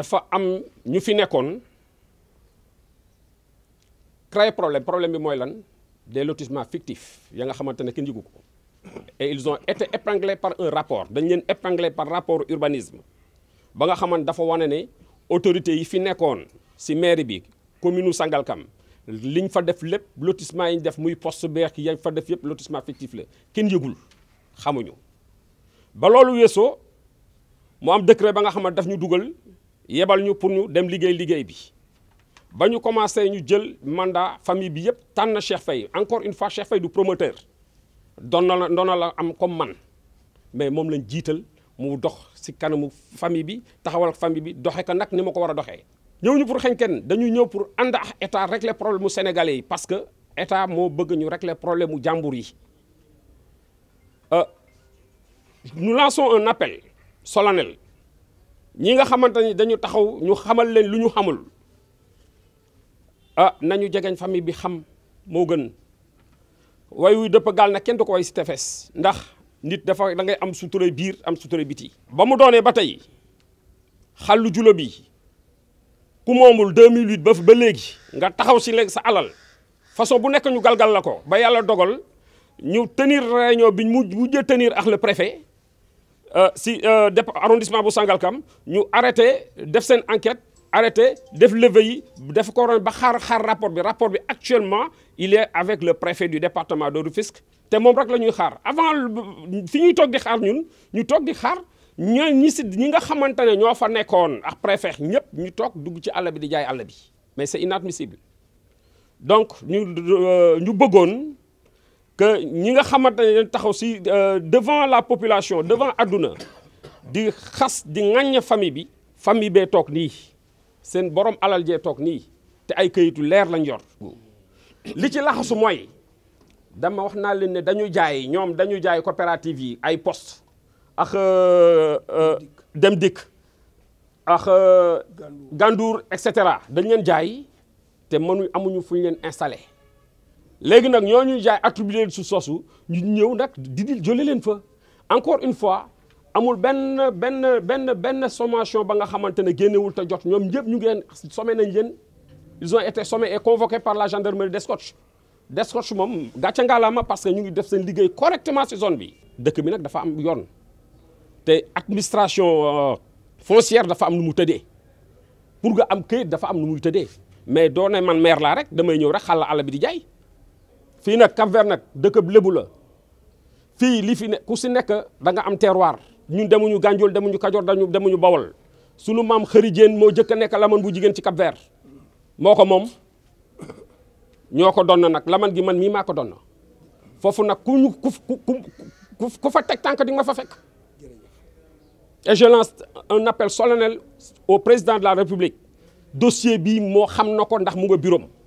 dafa am ñu fi problème problème bi des fictifs ils ont été épinglés par un rapport dañ leen épinglé par rapport urbanisme ba nga xamante dafa wane ne autorités yi fi nekkoon si mairie bi commune de Sangalkam liñ fa def lépp lotissement yi def muy poste beex lotissement fictif la kenn yëgul xamuñu ba loolu am décret ba nga yebal ñu pour ñu dem liguey liguey bi ba ñu commencé ñu jël mandat famille bi yépp Cheikh encore une fois Cheikh Faye du promoteur doon na la comme man mais lañ mu dox si famille bi taxawal famille bi doxé ko nak ni ko pour pour état régler problème sénégalais parce que état mo bëgg ñu régler problème problèmes yi euh, nous lançons un appel solennel. ñi nga xamante ni dañu taxaw ñu xamal leen lu ñu xamul ah nañu jegeñ famille bi xam moo gën way wuy dëpp gaal na kenn du ko way si tefes ndax nit dafa da ngay am sutura biir am sutura biti ba mu doonee ba tey xàllu jula bi ku moomul 2008 ba ba léegi nga taxaw si léegi sa alal façon bu nekk ñu galgal la ko ba yàlla dogal ñu tenir réunion bi mu mujjee tenir ak le préfet Euh, si euh, arrondissement bu Sangalkam ñu arrêté def enquête arrêté def def rapport rapport actuellement il est avec le préfet du département de Rufisque rek avant fi ñuy tok di xaar ñun ñu tok di xaar ñi nga préfet mais c'est inadmissible donc nous ñu euh, que ñi nga xamante ne taxaw si euh, devant la population devant adduna di xas di ŋàññ famille bi famille bee toog ni seen borom alal jee toog nii te ay këyitu leer lañ yor li ci laxasu mooy dama wax naa leen ne dañu jaay ñoom dañu jaay coopérative yi ay poste ak euh, euh, dem dikk ak gandour et cetera dañ leen jaay te mënu amuñu fu ñu leen installé léegi nag ñoo ñuy jaay attribué su sosu ñu ñëw nag didil jële leen fa encore une fois amul benn benn benn benn sommation ba nga xamante ne génnewul te jot ñoom ñëpp ñu ngi leen nañ leen ils ont été sommés et convoqués par la gendarmerie d'Escorche d'Escorche moom gàcce ngaalaama parce que ñu ngi def seen liggéey correctement ci zone bi dëkk bi nag dafa am yoon te administration euh, foncière dafa am nu mu tëddee pour nga am këyit dafa am nu muy tëddee mais doo ne man maire la rek damay ñëw rek xàll àll bi di jaay fii nak Cap Vert nag dëkkab lébu la fii li fi ne ku si nekk da nga am terroir ñun demuñu ganjol demuñu Kajoor dañu demuñu Bawol sunu mam xëri mo jëk nek laman bu jigéen ci Cap Vert moko mom moom ñoo ko doon na laman gi man mi mako don fofu nak ku ku ku fa tek tank di nga ma fa fek et je lance un appel solennel au président de la République dossier bi mo xam nako ndax mu nga bureau